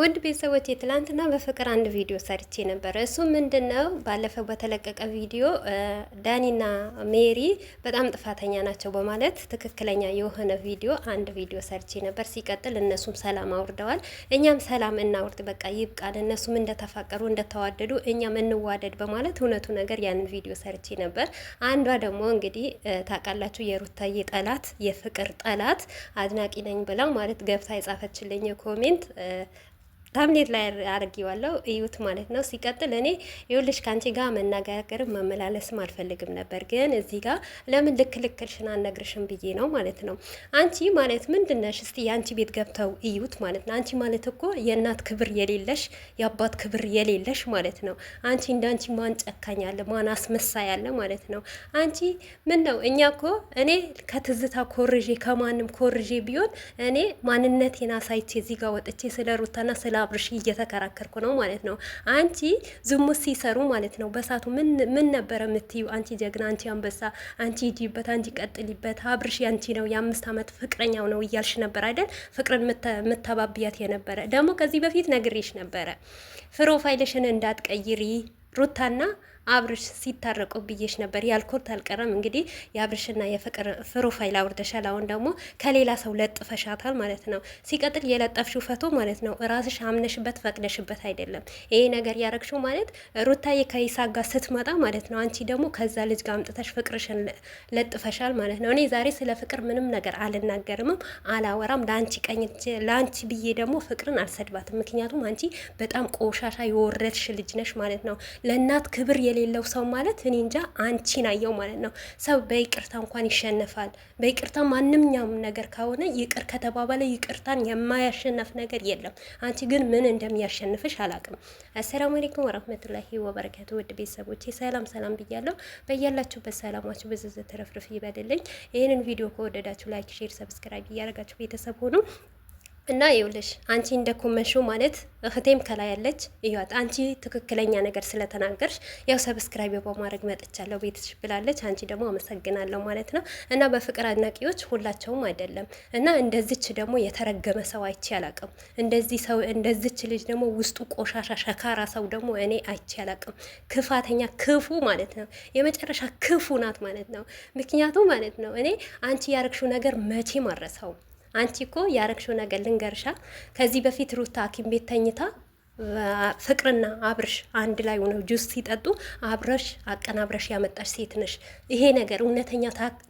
ውድ ቤተሰቦች ትላንትና በፍቅር አንድ ቪዲዮ ሰርቼ ነበር። እሱ ምንድን ነው ባለፈው በተለቀቀ ቪዲዮ ዳኒና ሜሪ በጣም ጥፋተኛ ናቸው በማለት ትክክለኛ የሆነ ቪዲዮ አንድ ቪዲዮ ሰርቼ ነበር። ሲቀጥል እነሱም ሰላም አውርደዋል፣ እኛም ሰላም እናውርድ፣ በቃ ይብቃል። እነሱም እንደተፋቀሩ እንደተዋደዱ እኛም እንዋደድ በማለት እውነቱ ነገር ያንን ቪዲዮ ሰርቼ ነበር። አንዷ ደግሞ እንግዲህ ታውቃላችሁ የሩታዬ ጠላት የፍቅር ጠላት አድናቂ ነኝ ብለው ማለት ገብታ የጻፈችልኝ ኮሜንት ታምሌት ላይ አድርጌዋለሁ እዩት ማለት ነው። ሲቀጥል እኔ ይኸውልሽ ከአንቺ ጋር መነጋገርም መመላለስም አልፈልግም ነበር፣ ግን እዚህ ጋር ለምን ልክ ልክልሽን አልነግርሽም ብዬ ነው ማለት ነው። አንቺ ማለት ምንድነሽ? እስቲ የአንቺ ቤት ገብተው እዩት ማለት ነው። አንቺ ማለት እኮ የእናት ክብር የሌለሽ የአባት ክብር የሌለሽ ማለት ነው። አንቺ እንደ አንቺ ማን ጨካኝ ያለ ማን አስመሳ ያለ ማለት ነው። አንቺ ምን ነው እኛ እኮ እኔ ከትዝታ ኮርዤ ከማንም ኮርዤ ቢሆን እኔ ማንነቴን አሳይቼ እዚህ ጋር ወጥቼ ስለ ሩታና ስለ አብርሽ እየተከራከርኩ ነው ማለት ነው። አንቺ ዝሙት ሲሰሩ ማለት ነው በሳቱ ምን ነበረ የምትዩ? አንቺ ጀግና፣ አንቺ አንበሳ፣ አንቺ ሂጂበት፣ አንቺ ቀጥሊበት፣ አብርሽ ያንቺ ነው፣ የአምስት ዓመት ፍቅረኛው ነው እያልሽ ነበር አይደል? ፍቅርን የምታባብያት የነበረ ደግሞ ከዚህ በፊት ነግሬሽ ነበረ ፕሮፋይልሽን እንዳትቀይሪ ሩታና አብርሽ ሲታረቁ ብዬሽ ነበር ያልኩት አልቀረም። እንግዲህ የአብርሽና የፍቅር ፕሮፋይል አውርደሻል። አሁን ደግሞ ከሌላ ሰው ለጥፈሻታል ማለት ነው። ሲቀጥል የለጠፍሽው ፈቶ ማለት ነው ራስሽ አምነሽበት ፈቅደሽበት አይደለም። ይሄ ነገር ያረግሽው ማለት ሩታዬ ከይሳ ጋር ስትመጣ ማለት ነው። አንቺ ደግሞ ከዛ ልጅ ጋር አምጥተሽ ፍቅርሽን ለጥፈሻል ማለት ነው። እኔ ዛሬ ስለ ፍቅር ምንም ነገር አልናገርምም አላወራም። ለአንቺ ቀኝ ለአንቺ ብዬ ደግሞ ፍቅርን አልሰድባትም። ምክንያቱም አንቺ በጣም ቆሻሻ የወረድሽ ልጅ ነሽ ማለት ነው። ለእናት ክብር የሌለው ሰው ማለት እኔ እንጃ አንቺን አየው ማለት ነው። ሰው በይቅርታ እንኳን ይሸነፋል። በይቅርታ ማንኛውም ነገር ከሆነ ይቅር ከተባባለ ይቅርታን የማያሸነፍ ነገር የለም። አንቺ ግን ምን እንደሚያሸንፍሽ አላቅም። አሰላሙ አለይኩም ወረህመቱላሂ ወበረካቱ። ውድ ቤተሰቦቼ ሰላም ሰላም ብያለሁ። በያላችሁበት ሰላማችሁ ብዝዝ ትረፍርፍ ይበልልኝ። ይህንን ቪዲዮ ከወደዳችሁ ላይክ፣ ሼር፣ ሰብስክራይብ እያደረጋችሁ ቤተሰብ ሆኑ። እና ይኸውልሽ አንቺ እንደኮመንሹ ማለት እህቴም ከላይ ያለች እያት አንቺ ትክክለኛ ነገር ስለተናገርሽ ያው ሰብስክራይብ በማድረግ መጥቻለሁ ቤትሽ ብላለች። አንቺ ደግሞ አመሰግናለሁ ማለት ነው። እና በፍቅር አድናቂዎች ሁላቸውም አይደለም። እና እንደዚች ደግሞ የተረገመ ሰው አይቼ አላቅም። እንደዚህ ሰው እንደዚች ልጅ ደግሞ ውስጡ ቆሻሻ ሸካራ ሰው ደግሞ እኔ አይቼ አላቅም። ክፋተኛ ክፉ ማለት ነው። የመጨረሻ ክፉ ናት ማለት ነው። ምክንያቱ ማለት ነው እኔ አንቺ ያረግሽው ነገር መቼ አረሰው አንቺ እኮ ያረግሽው ነገር ልንገርሻ፣ ከዚህ በፊት ሩታ ሐኪም ቤት ተኝታ ፍቅርና አብርሽ አንድ ላይ ሆነው ጁስ ሲጠጡ አብረሽ አቀናብረሽ ያመጣሽ ሴት ነሽ። ይሄ ነገር እውነተኛ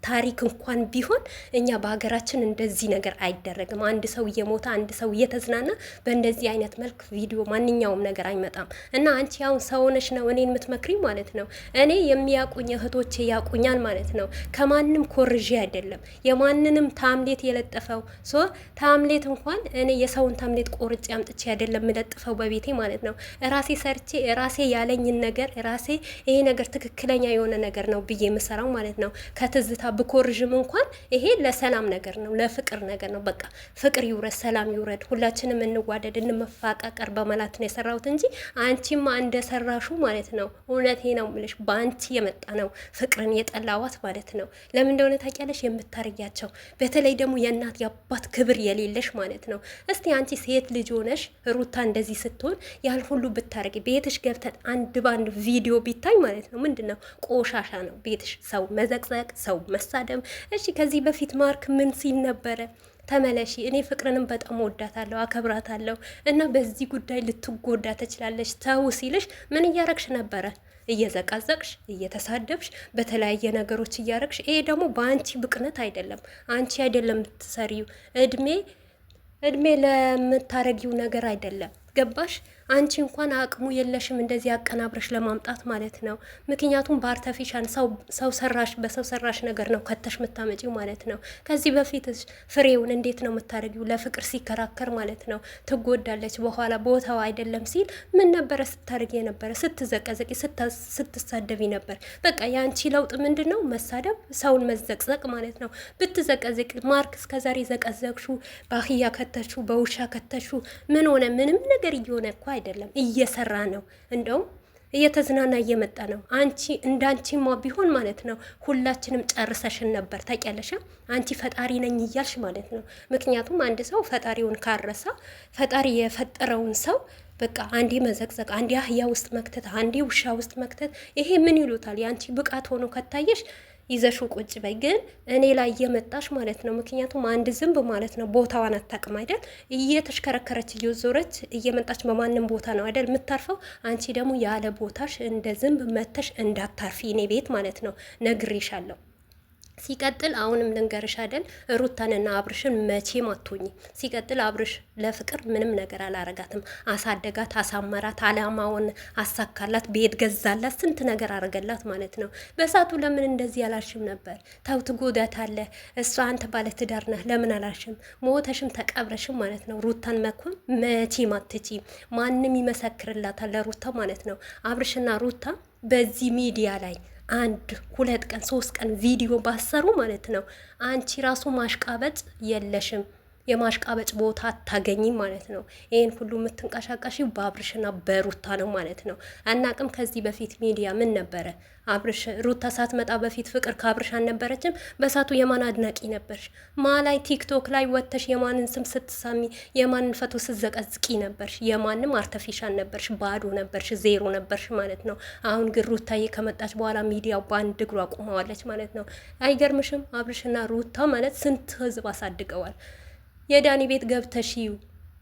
ታሪክ እንኳን ቢሆን እኛ በሀገራችን እንደዚህ ነገር አይደረግም። አንድ ሰው እየሞተ አንድ ሰው እየተዝናና በእንደዚህ አይነት መልክ ቪዲዮ ማንኛውም ነገር አይመጣም እና አንቺ አሁን ሰው ነሽ ነው እኔን የምትመክሪ ማለት ነው። እኔ የሚያቁኝ እህቶቼ ያቁኛል ማለት ነው። ከማንም ኮርዤ አይደለም የማንንም ታምሌት የለጠፈው ሶ ታምሌት እንኳን እኔ የሰውን ታምሌት ቆርጬ አምጥቼ አይደለም የምለጥፈው በቤት ባለቤቴ ማለት ነው ራሴ ሰርቼ ራሴ ያለኝን ነገር ራሴ ይሄ ነገር ትክክለኛ የሆነ ነገር ነው ብዬ የምሰራው ማለት ነው። ከትዝታ ብኮርዥም እንኳን ይሄ ለሰላም ነገር ነው፣ ለፍቅር ነገር ነው። በቃ ፍቅር ይውረድ፣ ሰላም ይውረድ፣ ሁላችንም እንዋደድ፣ እንመፋቀቀር በመላት ነው የሰራሁት እንጂ አንቺማ እንደሰራሹ ማለት ነው። እውነቴ ነው የምልሽ በአንቺ የመጣ ነው ፍቅርን የጠላዋት ማለት ነው። ለምን እንደሆነ ታውቂያለሽ? የምታርያቸው በተለይ ደግሞ የእናት የአባት ክብር የሌለሽ ማለት ነው። እስቲ አንቺ ሴት ልጅ ሆነሽ ሩታ እንደዚህ ስት ብትሆን ያህል ሁሉ ብታረቂ ቤትሽ ገብተን አንድ ባንድ ቪዲዮ ቢታይ ማለት ነው ምንድን ነው ቆሻሻ ነው ቤትሽ ሰው መዘቅዘቅ ሰው መሳደም እሺ ከዚህ በፊት ማርክ ምን ሲል ነበረ ተመለሺ እኔ ፍቅርንም በጣም ወዳታለሁ አከብራታለሁ እና በዚህ ጉዳይ ልትጎዳ ትችላለች ተው ሲልሽ ምን እያረግሽ ነበረ እየዘቃዘቅሽ እየተሳደብሽ በተለያየ ነገሮች እያረግሽ ይሄ ደግሞ በአንቺ ብቅነት አይደለም አንቺ አይደለም ትሰሪው እድሜ እድሜ ለምታረጊው ነገር አይደለም ገባሽ? አንቺ እንኳን አቅሙ የለሽም እንደዚህ አቀናብረሽ ለማምጣት ማለት ነው። ምክንያቱም በአርተፊሻል ሰው ሰራሽ በሰው ሰራሽ ነገር ነው ከተሽ የምታመጪው ማለት ነው። ከዚህ በፊት ፍሬውን እንዴት ነው የምታደርጊው? ለፍቅር ሲከራከር ማለት ነው ትጎዳለች። በኋላ ቦታው አይደለም ሲል ምን ነበረ ስታደርጊ የነበረ? ስትዘቀዘቂ፣ ስትሳደቢ ነበር። በቃ የአንቺ ለውጥ ምንድን ነው? መሳደብ፣ ሰውን መዘቅዘቅ ማለት ነው። ብትዘቀዘቂ ማርክ እስከዛሬ ዘቀዘቅሹ፣ በአህያ ከተሹ፣ በውሻ ከተሹ ምን ሆነ? ምንም ነገር እየሆነ እኳ አይደለም፣ እየሰራ ነው። እንደውም እየተዝናና እየመጣ ነው። አንቺ እንዳንቺማ ቢሆን ማለት ነው ሁላችንም ጨርሰሽን ነበር። ታውቂያለሽ፣ አንቺ ፈጣሪ ነኝ እያልሽ ማለት ነው። ምክንያቱም አንድ ሰው ፈጣሪውን ካረሳ ፈጣሪ የፈጠረውን ሰው በቃ አንዴ መዘቅዘቅ፣ አንዴ አህያ ውስጥ መክተት፣ አንዴ ውሻ ውስጥ መክተት፣ ይሄ ምን ይሉታል? የአንቺ ብቃት ሆኖ ከታየሽ ይዘሹ ቁጭ በይ፣ ግን እኔ ላይ እየመጣሽ ማለት ነው። ምክንያቱም አንድ ዝንብ ማለት ነው ቦታዋን አታውቅም አይደል? እየተሽከረከረች እየዞረች እየመጣች በማንም ቦታ ነው አይደል የምታርፈው። አንቺ ደግሞ ያለ ቦታሽ እንደ ዝንብ መተሽ እንዳታርፊ እኔ ቤት ማለት ነው ነግሬሻለሁ። ሲቀጥል አሁንም ልንገርሽ አይደል ሩታንና አብርሽን መቼም አትሆኝም። ሲቀጥል አብርሽ ለፍቅር ምንም ነገር አላረጋትም። አሳደጋት፣ አሳመራት፣ አላማውን አሳካላት፣ ቤት ገዛላት፣ ስንት ነገር አረገላት ማለት ነው። በሳቱ ለምን እንደዚህ አላልሽም ነበር? ተው አለ እሷ አንተ ባለትዳር ነህ፣ ለምን አላልሽም? ሞተሽም ተቀብረሽም ማለት ነው። ሩታን መኮን መቼም አትችይም። ማንም ይመሰክርላታል ለሩታ ማለት ነው። አብርሽና ሩታ በዚህ ሚዲያ ላይ አንድ ሁለት ቀን ሶስት ቀን ቪዲዮ ባሰሩ ማለት ነው አንቺ ራሱ ማሽቃበጥ የለሽም የማሽቃበጭ ቦታ አታገኝም ማለት ነው። ይህን ሁሉ የምትንቀሻቀሺው በአብርሽና በሩታ ነው ማለት ነው። አናቅም። ከዚህ በፊት ሚዲያ ምን ነበረ? አብርሽ ሩታ ሳትመጣ በፊት ፍቅር ከአብርሽ አልነበረችም? በሳቱ የማን አድናቂ ነበርሽ? ማ ላይ ቲክቶክ ላይ ወጥተሽ የማንን ስም ስትሳሚ፣ የማንን ፈቶ ስዘቀዝቂ ነበርሽ? የማንም አርተፊሻል ነበርሽ፣ ባዶ ነበርሽ፣ ዜሮ ነበርሽ ማለት ነው። አሁን ግን ሩታዬ ከመጣች በኋላ ሚዲያው በአንድ እግሯ ቁመዋለች ማለት ነው። አይገርምሽም? አብርሽና ሩታ ማለት ስንት ህዝብ አሳድገዋል። የዳኒ ቤት ገብተሽው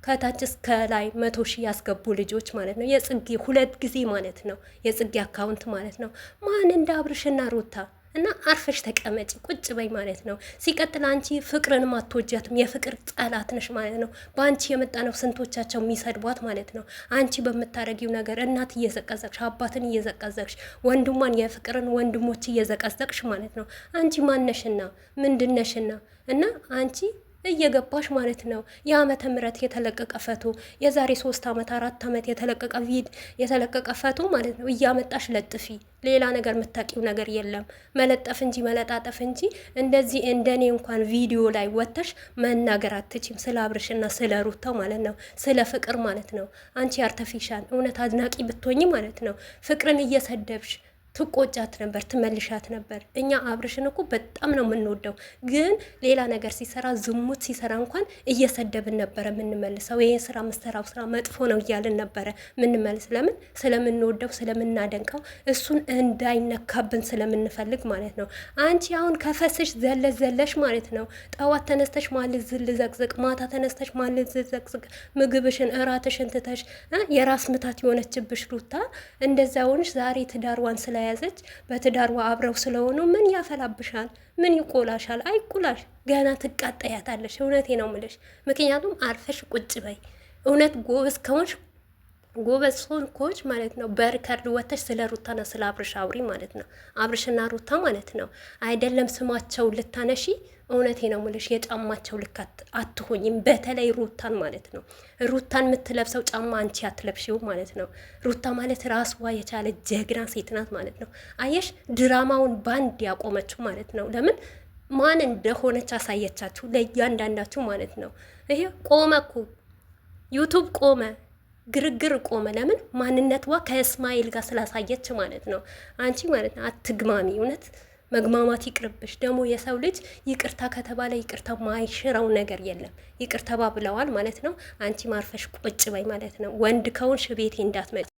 ከታች እስከ ላይ መቶ ሺህ ያስገቡ ልጆች ማለት ነው። የጽጌ ሁለት ጊዜ ማለት ነው። የጽጌ አካውንት ማለት ነው። ማን እንደ አብርሽና ሩታ እና አርፈሽ ተቀመጭ ቁጭ በይ ማለት ነው። ሲቀጥል አንቺ ፍቅርንም አትወጃትም፣ የፍቅር ጠላት ነሽ ማለት ነው። በአንቺ የመጣ ነው ስንቶቻቸው የሚሰድቧት ማለት ነው። አንቺ በምታደረጊው ነገር እናት እየዘቀዘቅሽ፣ አባትን እየዘቀዘቅሽ፣ ወንድሟን የፍቅርን ወንድሞች እየዘቀዘቅሽ ማለት ነው። አንቺ ማነሽና ምንድነሽና እና አንቺ እየገባሽ ማለት ነው። የአመተ ምህረት የተለቀቀ ፈቶ የዛሬ ሶስት ዓመት አራት አመት የተለቀቀ ቪድ የተለቀቀ ፈቶ ማለት ነው እያመጣሽ ለጥፊ። ሌላ ነገር የምታውቂው ነገር የለም መለጠፍ እንጂ መለጣጠፍ እንጂ እንደዚህ እንደኔ እንኳን ቪዲዮ ላይ ወጥተሽ መናገር አትችም። ስለ አብርሽና ስለ ሩታው ማለት ነው ስለ ፍቅር ማለት ነው። አንቺ አርተፊሻል እውነት አድናቂ ብትሆኝ ማለት ነው ፍቅርን እየሰደብሽ ትቆጫት ነበር፣ ትመልሻት ነበር። እኛ አብርሽን እኮ በጣም ነው የምንወደው፣ ግን ሌላ ነገር ሲሰራ ዝሙት ሲሰራ እንኳን እየሰደብን ነበረ የምንመልሰው። ይህ ስራ ምሰራው ስራ መጥፎ ነው እያልን ነበረ ምንመልስ። ለምን? ስለምንወደው ስለምናደንቀው፣ እሱን እንዳይነካብን ስለምንፈልግ ማለት ነው። አንቺ አሁን ከፈስሽ ዘለሽ ዘለሽ ማለት ነው። ጠዋት ተነስተሽ ማልዝ ልዘቅዝቅ፣ ማታ ተነስተሽ ማልዝ ልዘቅዝቅ፣ ምግብሽን እራትሽን ትተሽ የራስ ምታት የሆነችብሽ ሩታ እንደዛ ሆንሽ። ዛሬ ትዳርዋን ስላ ስለያዘች በትዳርዋ አብረው ስለሆኑ ምን ያፈላብሻል? ምን ይቆላሻል? አይቆላሽ፣ ገና ትቃጠያታለሽ። እውነቴ ነው ምልሽ። ምክንያቱም አርፈሽ ቁጭ በይ። እውነት ጎበዝ ከሆንሽ ጎበዝ ሆንኮች ማለት ነው። በሪከርድ ወተሽ ስለ ሩታና ስለ አብርሽ አውሪ ማለት ነው። አብርሽና ሩታ ማለት ነው አይደለም ስማቸው ልታነሺ እውነቴ ነው የምልሽ የጫማቸው ልክ አትሆኝም። በተለይ ሩታን ማለት ነው። ሩታን የምትለብሰው ጫማ አንቺ አትለብሽው ማለት ነው። ሩታ ማለት ራስዋ የቻለ ጀግና ሴት ናት ማለት ነው። አየሽ ድራማውን ባንድ ያቆመችው ማለት ነው። ለምን ማን እንደሆነች አሳየቻችሁ ለእያንዳንዳችሁ ማለት ነው። ይሄ ቆመ እኮ ዩቱብ ቆመ፣ ግርግር ቆመ። ለምን ማንነትዋ ከእስማኤል ጋር ስላሳየች ማለት ነው። አንቺ ማለት ነው አትግማሚ እውነት መግማማት ይቅርብሽ። ደግሞ የሰው ልጅ ይቅርታ ከተባለ ይቅርታ ማይሽረው ነገር የለም። ይቅርታ ባብለዋል ማለት ነው። አንቺ ማርፈሽ ቁጭ በይ ማለት ነው። ወንድ ከሆንሽ ቤቴ እንዳትመጭ